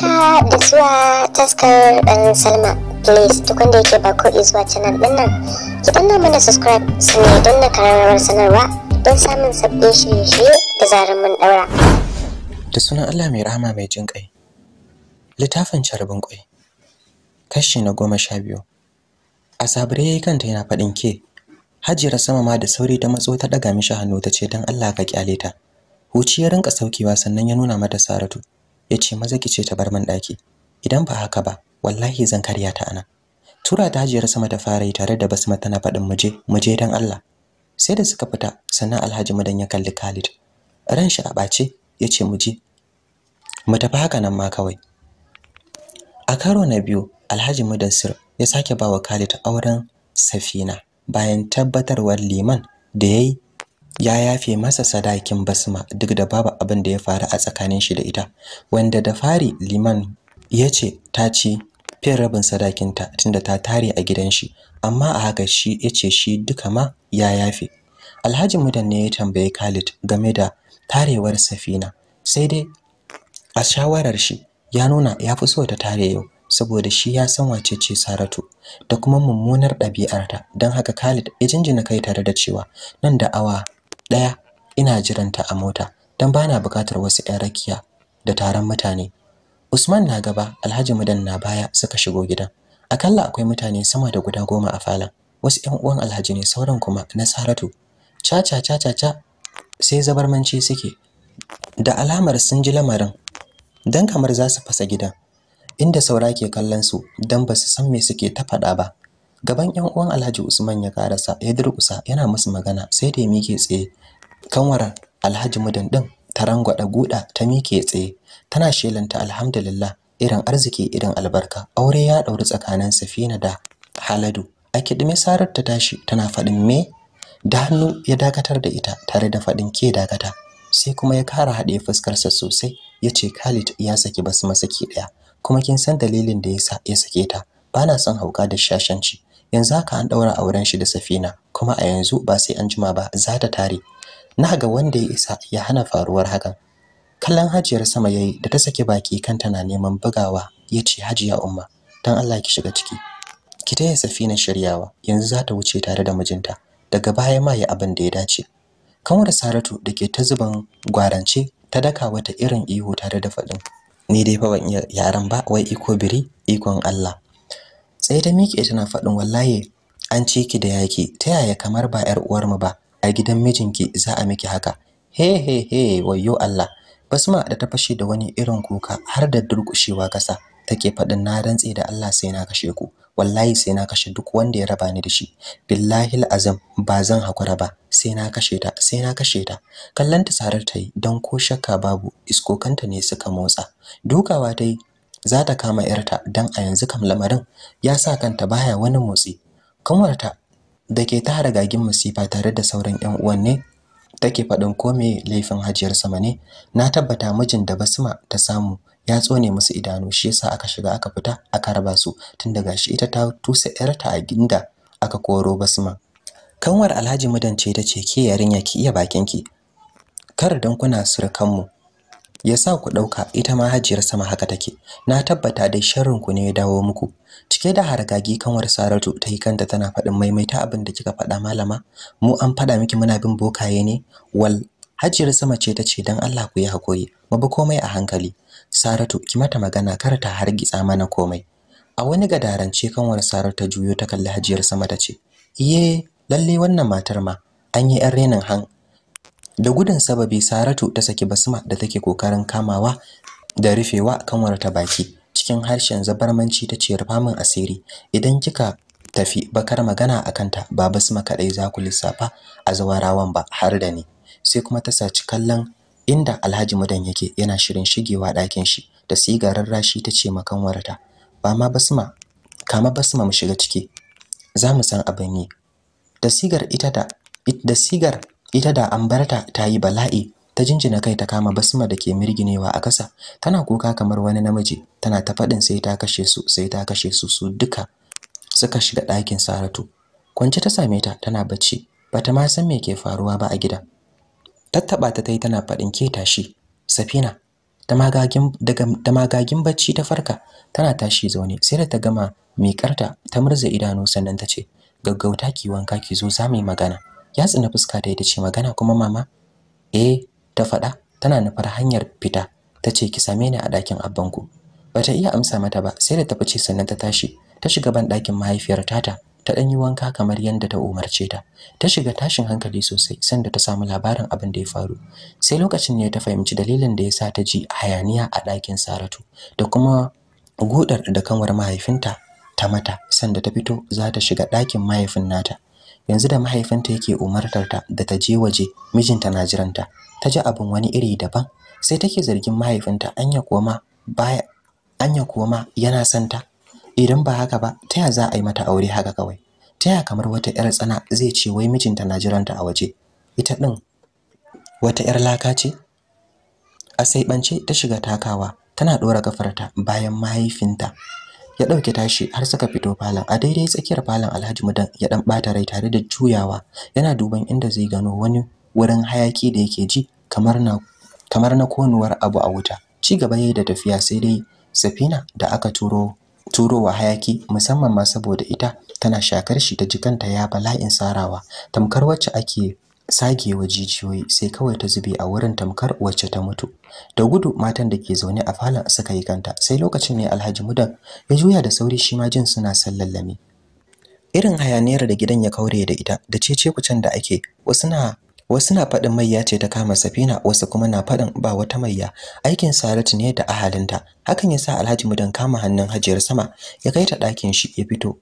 haka da zuwa taskar dan salma please duk wanda yake ba ko zuwa canal din nan ki danna mana subscribe su ne don na kararrawar sanarwa don samun sabbin shirye-shirye da zarar mun daura da sunan allah mai rahama mai jin kai littafin carbin kwai kashi na goma sha biyu a sabire ya yi kanta yana faɗin ke hajiyar sama ma da sauri ta matso ta ɗaga mishi hannu ta ce don allah ka kyale ta huci ya rinka saukewa sannan ya nuna mata saratu ya ce maza ki ce ta bar min ɗaki idan ba haka ba wallahi zan karya ta ana tura ta hajiyar sama da fara yi tare da basma tana faɗin muje muje dan Allah sai da suka fita sannan Alhaji Madan ya kalli Khalid ran shi a bace, ya ce muje mu tafi haka nan ma kawai a karo na biyu Alhaji Mudassir ya sake bawa Khalid auren Safina bayan tabbatarwar liman da yayi ya yafe masa sadakin basma duk da babu abin da ya faru a tsakanin shi da ita wanda da fari liman ya ce ta ci fin rabin sadakinta tunda ta tare a gidan shi amma a haka shi ya ce shi duka ma ya yafe alhaji mudan ne ya tambayi khalid game da tarewar safina sai dai a shawarar shi ya nuna ya fi so ta tare yau saboda shi ya san wace ce Saratu da kuma mummunar ɗabi'arta don haka Khalid ya jinjina kai tare da cewa nan da awa ɗaya ina jiranta a mota don bana buƙatar wasu 'yan rakiya da taron mutane Usman na gaba Alhaji Mudan na baya suka shigo gidan A akalla akwai mutane sama da guda goma a falon wasu 'yan uwan Alhaji ne sauran kuma na Saratu cha cha cha sai zabarmanci suke da alamar sun ji lamarin dan kamar za su fasa gidan inda saura ke kallon su don ba su san me suke ta faɗa ba gaban yan uwan Alhaji Usman ya karasa ya durkusa yana musu magana sai da ya mike tsaye Kanwarar Alhaji Mudan din ta rangwada guda ta mike tsaye tana shelanta alhamdulillah irin arziki irin albarka aure ya dauri tsakanin Safina da Haladu a kidime sarar ta tashi tana fadin me da hannu ya dakatar da ita tare da fadin ke dakata sai kuma ya kara fuskar fuskarsa sosai ya ce Khalid ya saki basu masaki ɗaya kuma kin san dalilin da yasa ya sake ta bana son hauka da shashanci yanzu haka an daura auren shi da Safina kuma a yanzu ba sai an jima ba za ta tare na ga wanda ya isa ya hana faruwar hakan kallon hajiyar sama yayi da ta saki baki kanta na neman bugawa ya yace hajiya umma dan Allah ki shiga ciki ki taya Safina shiryawa yanzu za ta wuce tare da mijinta daga baya ma ya abin da ya dace kamar Saratu dake ta zuban gwarance ta daka wata irin ihu tare da faɗin ni dai fa ban iya yaran ba wai iko biri ikon Allah sai ta miƙe tana faɗin wallahi an ci ki da yaki ta yaya kamar ba ƴar mu ba a gidan mijinki za a miki haka he he he wayyo Allah basma da ta fashe da wani irin kuka har da durƙushewa kasa take faɗin na rantse da Allah sai na kashe ku wallahi sai na kashe duk wanda ya raba ni da shi billahi azam ba zan hakura ba sai na kashe ta sai na kashe ta kallanta sarar ta yi don ko shakka babu iskokanta ne suka motsa dukawa ta yi za ta kama yarta dan a yanzu kam lamarin ya sa kanta baya wani motsi kanwarta da ke ta gagin masifa tare da sauran ƴan uwan ne take faɗin kome laifin hajiyar sama ne na tabbata mijin da basma ta samu ya tsone musu idanu shi yasa aka shiga aka fita aka raba su tun daga shi ita ta tusa yarta a ginda aka koro basma kanwar alhaji mudan ce ta ce ke yarinya ki iya bakin ki. kar dan kuna surukanmu Ya sa ku dauka ita ma hajiyar sama haka take na tabbata dai sharrin ku ne ya dawo muku cike da hargagi kanwar Saratu ta yi kanta tana faɗin maimaita abin da kika faɗa malama mu an faɗa miki muna bin bokaye ne wal hajiyar sama ce ta ce dan Allah ku yi hakuri mu bi komai a hankali Saratu ki mata magana kar ta hargitsa mana komai a wani gadarance kanwar Saratu ta juyo ta kalli hajiyar sama ta ce iye lalle wannan matar ma an yi yan renin han da gudun sababi saratu ta saki basma da take kokarin kamawa da rufewa kanwarta baki cikin harshen zabarmanci ta ce rufa min asiri idan kika tafi bakar magana a kanta ba basma kadai za ku lissafa a zawarawan ba har da ni sai kuma ta saci kallon inda Alhaji Mudan yake yana shirin shigewa ɗakin shi da sigarar rashi ta ce makanwarta ba ma basma kama basma mu shiga ciki za mu san abin yi da sigar ita da da sigar ita da ambarta ta yi bala'i ta jinjina kai ta kama basma da ke mirginewa a kasa tana kuka kamar wani namiji tana ta faɗin sai ta kashe su sai ta kashe su su duka suka shiga ɗakin saratu kwanci ta same ta tana bacci bata ma san me ke faruwa ba a gida tattaɓa ta tai tana faɗin ke tashi safina ta magagin bacci ta farka tana tashi zaune sai da ta gama mikarta ta murza idanu sannan ta ce gaggauta ki wanka ki zo za mu yi magana ya tsina fuska da ita ce magana kuma mama eh ta faɗa tana nufar hanyar fita ta ce ki same ni a ɗakin abbanku bata iya amsa mata ba sai da ta fice sannan ta tashi ta shiga ban ɗakin mahaifiyar tata ta ɗan yi wanka kamar yadda ta umarce ta ta shiga tashin hankali sosai sanda ta samu labarin abin da ya faru sai lokacin ne ta fahimci dalilin da ya sa ta ji hayaniya a ɗakin saratu da kuma gudar da kanwar mahaifinta ta mata sanda ta fito za ta shiga ɗakin mahaifin nata yanzu da mahaifinta yake umartar ta da ta je waje mijinta na jiranta ta ji abin wani iri daban sai take zargin mahaifinta anya koma baya anya kuwa yana son ta idan ba haka ba ta ya za a yi mata aure haka kawai ta ya kamar wata yar tsana zai ce wai mijinta na jiranta a waje ita din wata yar laka ce a sai-ɓance ta shiga takawa tana dora kafarta bayan mahaifinta ya dauke tashi har suka fito falon a daidai tsakiyar falon Alhaji Mudan ya dan bata rai tare da juyawa yana duban inda zai gano wani wurin hayaki da yake ji kamar na kamar na konuwar abu a wuta ci gaba yayi da tafiya sai dai safina da aka turo turowa hayaki musamman ma saboda ita tana shakar shi ta jikanta ya bala'in sarawa tamkar wacce ake sagewa jijiyoyi sai kawai ta zube a wurin tamkar wacce ta mutu da gudu matan da ke zaune a falon suka yi kanta sai lokacin ne Alhaji Mudan ya juya da sauri shi ma jin suna sallallami irin hayaniyar da gidan ya kaure da ita da cece kucin da ake wasu na wasu na faɗin mayya ce ta kama safina wasu kuma na faɗin ba wata mayya aikin saratu ne da ahalinta hakan ya sa alhaji mudan kama hannun hajiyar sama ya kai ta ɗakin shi ya fito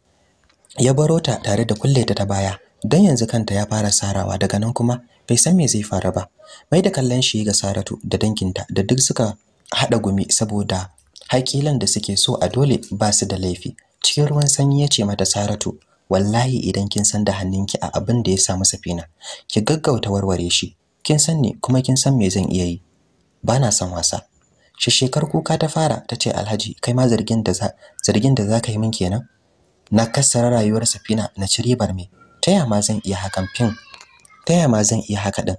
ya baro ta tare da kulle ta ta baya don yanzu kanta ya fara sarawa daga nan kuma bai san me zai fara ba mai da kallon shi ga saratu da danginta da duk suka haɗa gumi saboda hakilan da suke so a dole ba su da laifi cikin ruwan sanyi ya ce mata saratu wallahi idan kin san da hannunki a abin da ya samu safina ki gaggauta warware shi kin san ne kuma kin san me zan iya yi Ba na san wasa shi shekar kuka ta fara ta ce alhaji kai ma zargin da za zargin da za ka yi min kenan na kassara rayuwar safina na ci ribar me ta ma zan iya hakan fin ta ma zan iya haka din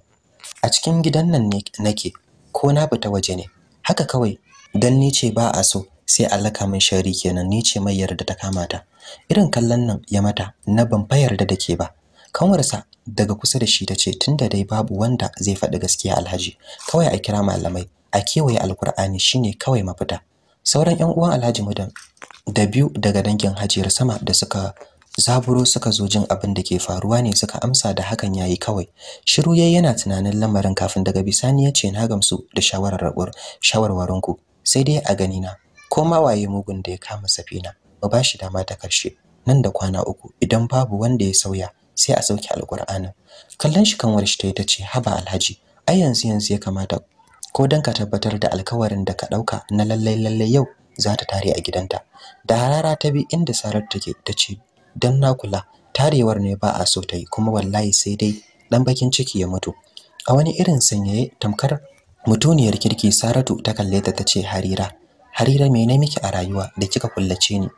a cikin gidan nan ne nake ko na fita waje ne haka kawai dan ni ce ba a so sai a min shari kenan ni ce mai yarda ta kamata. irin kallon nan ya mata na ban fa yarda da ke ba kanwarsa daga kusa da shi ta ce tunda dai babu wanda zai faɗi gaskiya alhaji kawai a kira malamai a kewaye alkur'ani shine kawai mafita sauran yan uwan alhaji mudan da biyu daga dangin hajiyar sama da suka zaburo suka zo jin abin da ke faruwa ne suka amsa da hakan yayi kawai shiru yayi yana tunanin lamarin kafin daga bisani ya ce na gamsu da shawarar rabur, shawarwarin ku sai dai a gani na ko ma waye mugun da ya kama safina mu ba shi dama ta karshe nan da kwana uku idan babu wanda ya sauya sai a sauke alkur'anin kallon shi kanwar shi ta ce haba alhaji ai yanzu yanzu ya kamata ko dan ka tabbatar da alkawarin da ka dauka na lallai lallai yau za ta tare a gidanta da harara ta bi inda sarar take ta ce dan na kula tarewar ne ba a so ta yi kuma wallahi sai dai dan bakin ciki ya mutu a wani irin sanyaye tamkar mutuniyar kirki Saratu ta kalle ta tace Harira Harira me ne miki a rayuwa da kika kullace ni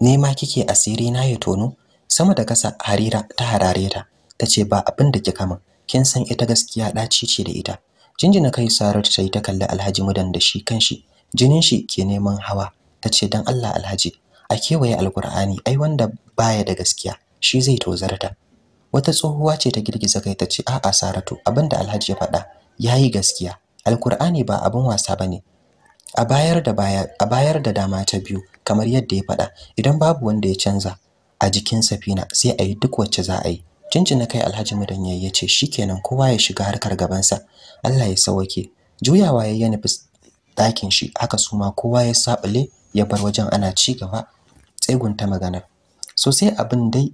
ne ma kike asiri na ya tono sama da kasa Harira ta harare ta tace ba abin da kika min kin san ita gaskiya daci ce da ita jinjina kai Saratu tayi ta kalli Alhaji Mudan da shi kanshi jinin shi ke neman hawa tace dan Allah Alhaji a kewaye alkur'ani ai wanda baya da gaskiya shi zai tozarta wata tsohuwa ce ta girgiza kai ta ce a'a saratu abinda alhaji ya faɗa yayi gaskiya alkur'ani ba abin wasa ba ne. a bayar da dama ta biyu kamar yadda ya faɗa idan babu wanda ya canza a jikin safina sai a yi duk wacce za a yi jinjina kai alhaji mudan yayi ya ce kenan kowa ya shiga harkar gabansa allah ya sauke juyawa ya nufi ɗakin shi haka su ma kowa ya saɓale ya bar wajen ana ci gaba ta maganar sosai abin dai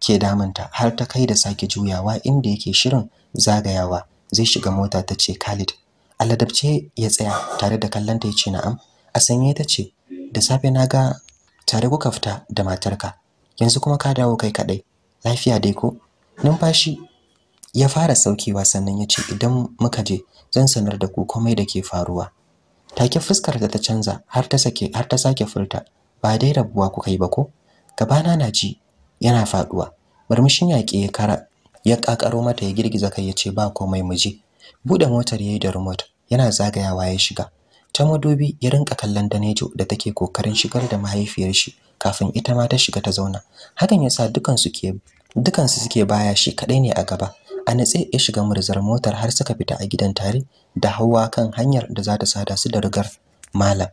ke damunta har ta kai da sake juyawa inda yake shirin zagayawa zai shiga mota ta ce Khalid Aladabce ya tsaya tare da kallanta ya ce na'am a sanye ta ce da safe na ga tare kuka fita da matarka yanzu kuma ka dawo kai kadai lafiya dai ko numfashi ya fara saukewa sannan ya ce idan muka je zan sanar da ku komai da ke faruwa take fuskar ta ta canza har ta sake har ta sake furta ba dai rabuwa kuka yi ba ko gabana na ji yana faduwa murmushin yaƙi ya kara ya kakaro mata ya girgiza kai ya ce ba komai mu je bude motar yayi da remote yana zagayawa ya shiga ta madobi ya rinka kallon Danejo da take kokarin shigar da mahaifiyar shi kafin ita ma ta shiga ta zauna hakan yasa dukan su ke dukan suke baya shi kaɗai ne a gaba a natse ya shiga murzar motar har suka fita a gidan tare da hawa kan hanyar da za ta sada su da rigar malam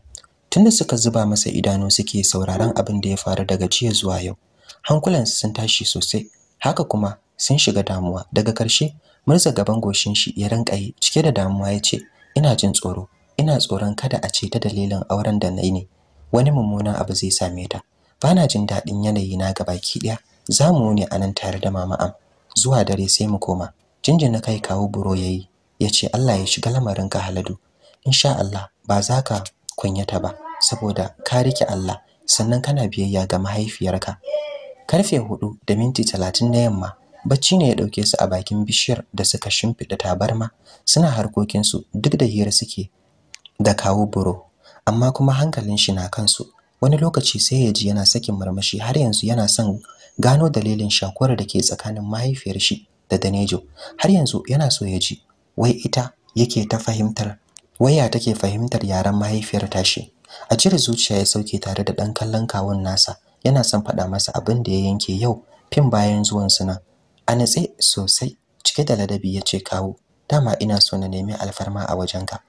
tunda suka zuba masa idanu suke sauraron abin da ya faru daga jiya zuwa yau hankulansu sun tashi sosai haka kuma sun shiga damuwa daga karshe murza gaban goshin shi ya rinka yi cike da damuwa ya ce ina jin tsoro ina tsoron kada a ce ta dalilin auren da nayi ne wani mummunan abu zai same ta bana jin daɗin yanayi na gabaki ɗaya za mu ne a nan tare da mama am zuwa dare sai mu koma na kai kawo buro yayi ya ce Allah ya shiga lamarinka haladu insha Allah ba za ka kunyata ba saboda ka rike Allah sannan kana biyayya ga mahaifiyarka karfe 4 da minti 30 na yamma bacci ne ya dauke su a bakin bishiyar da suka shimfida tabarma suna harkokin su duk da hira suke da kawo buro amma kuma hankalin shi na kansu wani lokaci sai ya ji yana sakin marmashi har yanzu yana son gano dalilin shakuwar da ke tsakanin mahaifiyar shi da Danejo har yanzu yana so ya ji wai ita yake ta fahimtar waya take fahimtar yaren mahaifiyar tashi a cire zuciya ya sauke tare da dan kallon kawun nasa yana son faɗa masa abin da ya yanke yau fim bayan zuwan suna a natse sosai cike da ladabi ya ce kawo dama ina so na nemi alfarma a wajen ka.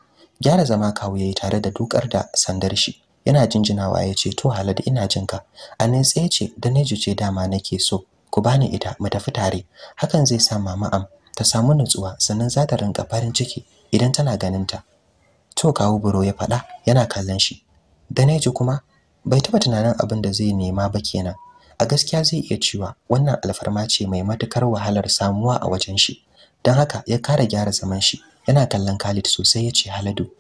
gyara zama kawo yayi tare da dukar da sandar shi yana jinjinawa ya ce to halad ina jinka a natse ce da ne ce dama nake so ku bani ita mu tafi tare hakan zai sa mama am ta samu nutsuwa sannan za ta rinka farin ciki idan tana ganinta to kawo buro ya faɗa yana kallon shi daneji kuma bai taɓa tunanin abin da zai nema ba kenan a gaskiya zai iya cewa wannan alfarma ce mai matukar wahalar samuwa a wajen shi don haka ya kara gyara zaman shi yana kallon Khalid sosai ya ce Haladu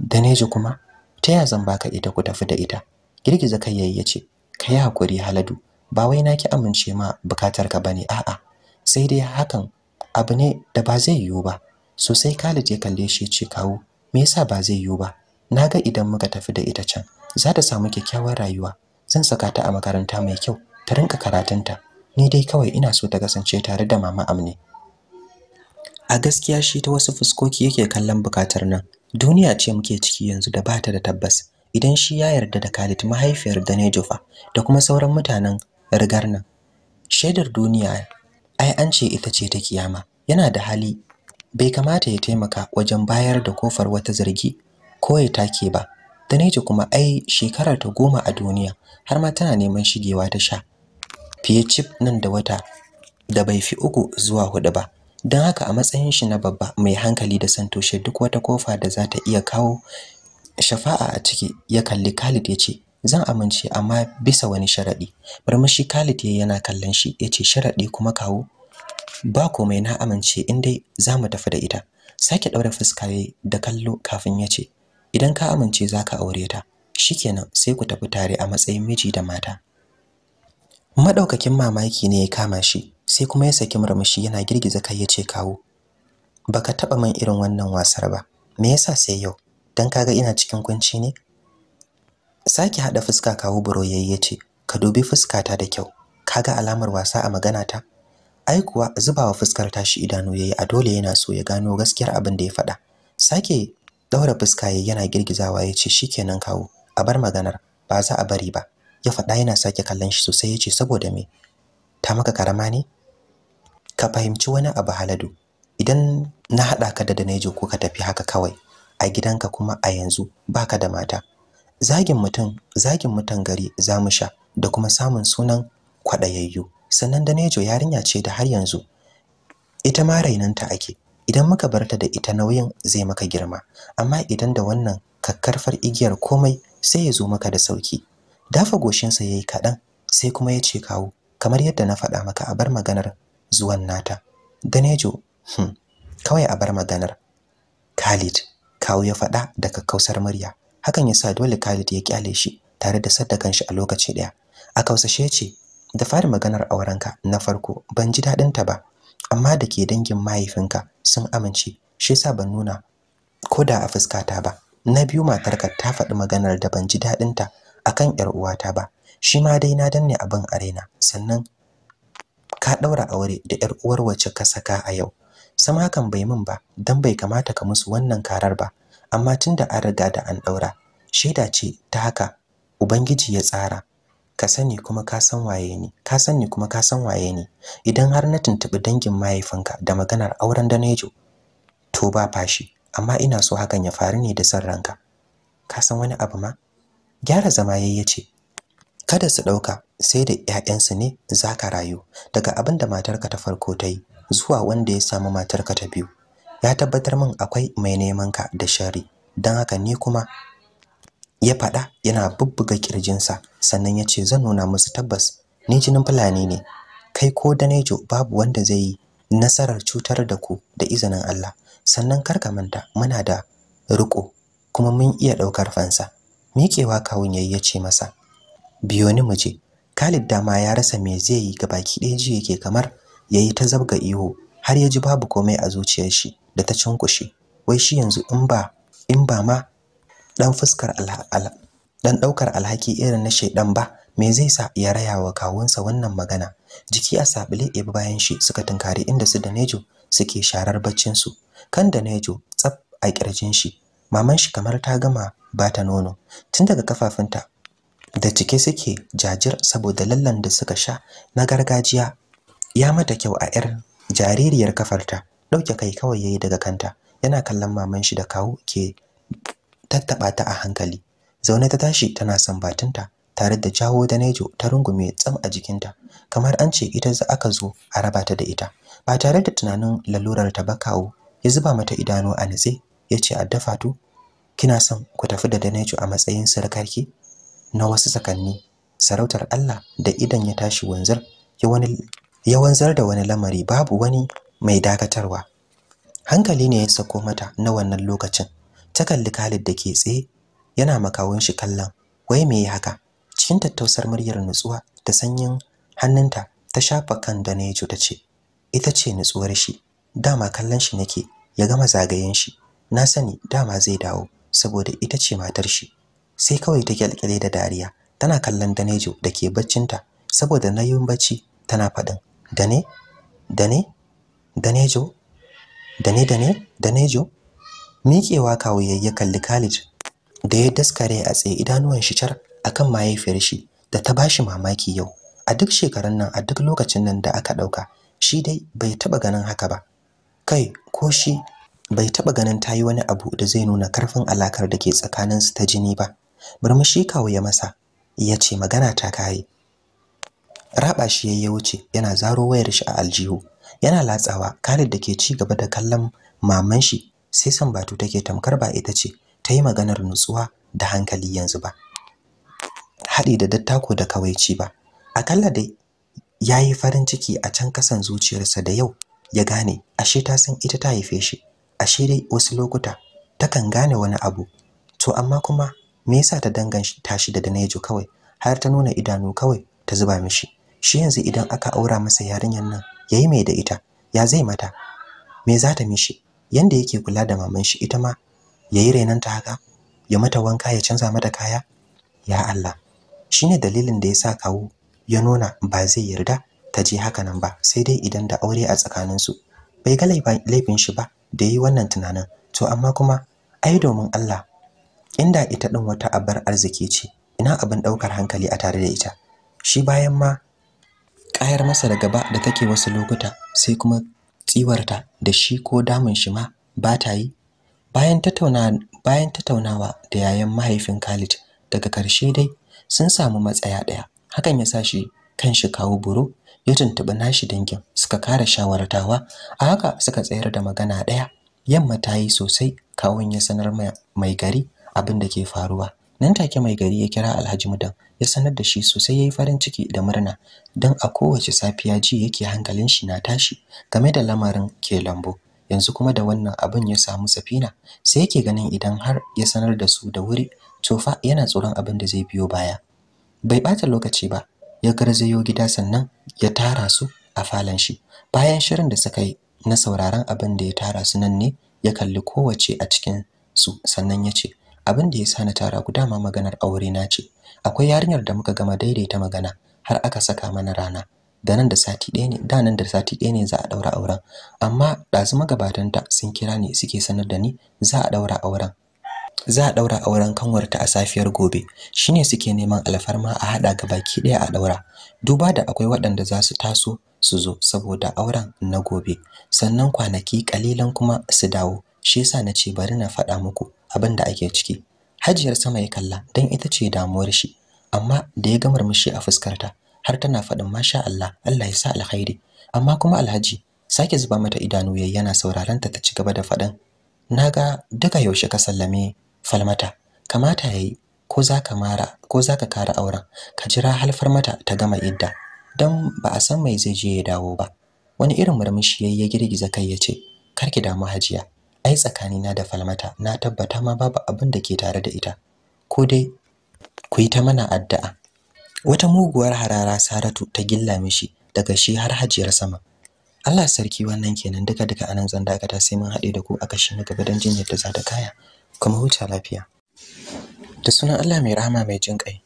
daneji kuma ta ya zan baka ita ku tafi da ita girgiza kai yayi ya ce ka yi hakuri Haladu ba wai na ki amince ma bukatar ka bane a'a sai dai hakan abu ne da ba zai yiwu ba sosai Khalid ya kalle shi ya ce kawo me yasa ba zai yiwu ba na ga idan muka tafi da ita can za ta samu kyakkyawar rayuwa zan saka ta a makaranta mai kyau ta rinka karatunta ni dai kawai ina so ta kasance tare da mama amne a gaskiya shi ta wasu fuskoki yake kallon bukatar nan duniya ce muke ciki yanzu da bata da tabbas idan shi ya yarda da Khalid mahaifiyar ne fa da kuma sauran mutanen rigar nan shaidar duniya ai an ce ita ce ta kiyama yana da hali bai kamata ya taimaka wajen bayar da kofar wata zargi ko ya take ba Daneji kuma ai shekarar ta goma a duniya har ma tana neman shigewa ta sha fiye chip nan da wata da bai fi uku zuwa hudu ba don haka a matsayin shi na babba mai hankali da santoshe duk wata kofa da za ta iya kawo shafa'a a ciki ya kalli Khalid ya ce zan amince amma bisa wani sharadi murmushi Khalid ya yana kallon shi ya ce sharaɗi kuma kawo ba komai na amince in dai za mu tafi da ita sake ɗaura fuska yayi da kallo kafin ya ce idan ka amince za ka aure ta shi shikenan sai ku tafi tare a matsayin miji da mata madaukakin mamaki ne ya kama shi sai kuma ya saki murmushi yana girgiza kai ya ce kawo baka taɓa min irin wannan wasar ba me yasa sai yau dan kaga ina cikin kunci ne sake haɗa fuska kawo buro yayi yace ka dubi fuskata da kyau Ka ga alamar wasa a magana ta? ai kuwa wa fuskar tashi idanu yayi a dole yana so ya gano gaskiyar abin da ya faɗa sake daura fuska yayi yana girgizawa yace shikenan kawo a bar maganar ba za a bari ba ya faɗa yana sake kallon shi sosai yace saboda me ta maka karama ne ka fahimci wani abu haladu idan na haɗa ka da danejo ko ka tafi haka kawai a gidanka kuma a yanzu baka da mata zagin mutum zagin mutan gari zamu sha da kuma samun sunan kwaɗayayyu sannan Danejo yarinya ce da har yanzu ita ma rainanta ake idan muka bar ta da ita nauyin zai maka girma amma idan da wannan kakkarfar igiyar komai sai ya zo maka da sauki dafa goshinsa yayi kaɗan sai kuma ya ce kawo kamar yadda na faɗa maka a bar maganar zuwan nata Danejo hmm. kawai a bar maganar Khalid kawo ya faɗa da kakkausar murya hakan yasa dole Khalid ya kyale shi tare da saddakan shi a lokaci ɗaya a kausashe ce da fara maganar aurenka na farko ban ji daɗinta ta ba amma da ke dangin mahaifinka sun amince shi yasa ban nuna ko da a fuskata ba na biyu matarka ta faɗi maganar da ban ji daɗin ta akan yar uwata ba shi ma dai na danne abin a raina sannan ka ɗaura aure da yar uwar wacce ka saka a yau sama hakan bai min ba dan bai kamata ka musu wannan karar ba amma tunda an riga da an ɗaura shaida ce ta haka ubangiji ya tsara ka sani kuma ka san waye ni ka sani kuma ka san waye ni idan har na tuntubi dangin mahaifinka da maganar auren da nejo to ba fashi amma ina so hakan ya faru ne da san ranka ka san wani abu ma gyara zama yayi yace kada su dauka sai da ƴaƴansu ne zaka rayu daga abin da matarka ta farko ta yi zuwa wanda ya samu matarka ta biyu ya tabbatar min akwai mai neman ka da shari don haka ni kuma ya faɗa yana bubbuga kirjinsa sannan ya ce zan nuna musu tabbas ni jinin fulani ne kai ko danejo babu wanda zai yi nasarar cutar da ku da izinin Allah sannan kar ka manta muna da riko kuma mun iya ɗaukar fansa miƙewa kawun yayi ya ce masa biyo ni muje Khalid dama ya rasa me zai yi ga baki ɗaya ji yake kamar yayi ta zabga iho har ya ji babu komai a zuciyar shi da ta cunkushe wai shi yanzu in ba in ba ma dan fuskar dan daukar alhaki irin na shedan ba me zai sa ya raya wa kawunsa wannan magana jiki a sabile ebe bayan shi suka tunkari inda su Danejo suke sharar baccin su kan Danejo tsaf a kirjin shi maman shi kamar ta gama ba ta nono tun daga kafafunta da cike suke jajir saboda lallan da suka sha na gargajiya ya mata kyau a yar jaririyar kafarta dauke kai kawai yayi daga kanta yana kallon maman shi da kawu ke Tattaɓata ta a hankali zaune ta tashi tana batunta tare da jawo da nejo ta rungume tsam a jikinta kamar an ce ita za aka zo a raba ta da ita ba tare da tunanin lalurar ta bakawo ya zuba mata idanu a nitse ya ce a dafa tu kina son ku tafi da danejo a matsayin sarkarki na wasu sakanni sarautar Allah da idan ya tashi wanzar ya wani ya wanzar da wani lamari babu wani mai dakatarwa hankali ne ya sako mata na wannan lokacin ta kalli Khalid da ke tsaye yana makawon shi kallon wai me yi haka cikin tattausar muryar nutsuwa da sanyin hannunta ta shafa kan da ne ta ce ita ce nutsuwar shi dama kallon shi nake ya gama zagayen shi na sani dama zai dawo saboda ita ce matar shi sai kawai ta kyalkyale da dariya tana kallon Danejo da ke baccinta saboda nayin bacci tana faɗin Dane Dane Danejo Dane Dane Danejo miƙewa kawo ya kalli Khalid da ya daskare a tsaye idanuwan shi car akan mahaifiyar shi da ta bashi mamaki yau a duk shekarun nan a duk lokacin nan da aka ɗauka, shi dai bai taba ganin haka ba kai ko shi bai taɓa ganin tayi wani abu da zai nuna karfin alakar da ke tsakanin su ta jini ba murmushi kawo ya masa ya ce magana ta kai raba shi ya wuce yana zaro wayar shi a aljihu yana latsawa Khalid da ke ci gaba da kallon maman shi sai san sambatu take tamkar ba ita ce ta yi maganar nutsuwa da hankali yanzu ba haɗi da dattako da kawaici ba akalla dai ya yi farin ciki a can kasan zuciyarsa da yau ya gane ashe ta san ita ta haife shi ashe dai wasu lokuta takan gane wani abu to amma kuma me yasa ta danganta shi da Danejo kawai har ta nuna idanu kawai ta zuba mishi shi yanzu idan aka aura masa yarinyar nan yayi mai da ita ya zai mata me za ta mishi yanda yake kula da maman shi ita ma yayi ta haka ya mata wanka ya canza mata kaya ya Allah shine dalilin da yasa kawo ya nuna ba zai yarda ta je haka nan ba sai dai idan da aure a tsakanin su bai ga laifin shi ba da yi wannan tunanin to amma kuma ai domin Allah inda ita din wata abar arziki ce ina abin daukar hankali a tare da ita shi bayan ma kayar masa da gaba da take wasu lokuta sai kuma tsiwarta da shi ko damun shi ma ba ta yi bayan tattaunawa da yayan mahaifin Khalid daga karshe dai sun samu matsaya ɗaya. hakan ya sa shi kan shi kawo buro ya tuntuɓi nashi dangin suka kara shawartawa a haka suka tsayar da magana ɗaya. yamma ta yi sosai kawun ya sanar mai gari abin da ke faruwa nan take mai gari ya kira Alhaji Mudan ya sanar da shi sosai yayi farin ciki da murna dan a kowace safiya ji yake hankalin shi na tashi game da lamarin ke lambo yanzu kuma da wannan abin ya samu safina sai yake ganin idan har ya sanar da su da wuri to fa yana tsoron abin da zai biyo baya bai bata lokaci ba ya garzayo gida sannan ya tara su a falon shi bayan shirin da suka yi na sauraron abin da ya tara su nan ne ya kalli kowace a cikin su sannan ya ce abin da ya sa na tara ku dama maganar aure na ce akwai yarinyar da muka gama daidaita magana har aka saka mana rana da nan da sati ɗaya ne da nan da sati ɗaya ne za a ɗaura auren amma ɗazu magabatanta sun kira ne suke sanar da ni za a daura auren za a daura auren kanwarta a safiyar gobe shine suke neman alfarma a hada ga baki ɗaya a daura duba da akwai waɗanda za su taso su zo saboda auren na gobe sannan kwanaki ƙalilan kuma su dawo shi yasa na ce bari na faɗa muku abin da ake ciki Hajiyar sama ya kalla dan ita ce damuwar shi amma da ya ga murmushi a fuskarta har tana faɗin masha Allah Allah ya sa alkhairi amma kuma Alhaji sake zuba mata idanu yayi yana sauraron ta ta ci gaba da faɗin naga duka yaushe ka sallame falmata kamata yayi ko zaka mara ko zaka kara auren ka jira halfar mata ta gama idda dan ba a san mai zai je ya dawo ba wani irin murmushi yayi ya girgiza kai ya yace karki damu hajiya ai tsakanina da falmata na tabbata ma babu abin da ke tare da ita ko dai ku yi ta mana addu'a wata muguwar harara saratu ta gilla mishi daga shi har hajiyar sama Allah sarki wannan kenan duka duka anan zan dakata sai mun haɗe da ku a kashi na gaba don jin yadda za ta kaya kuma huta lafiya da sunan Allah mai rahama mai jin ƙai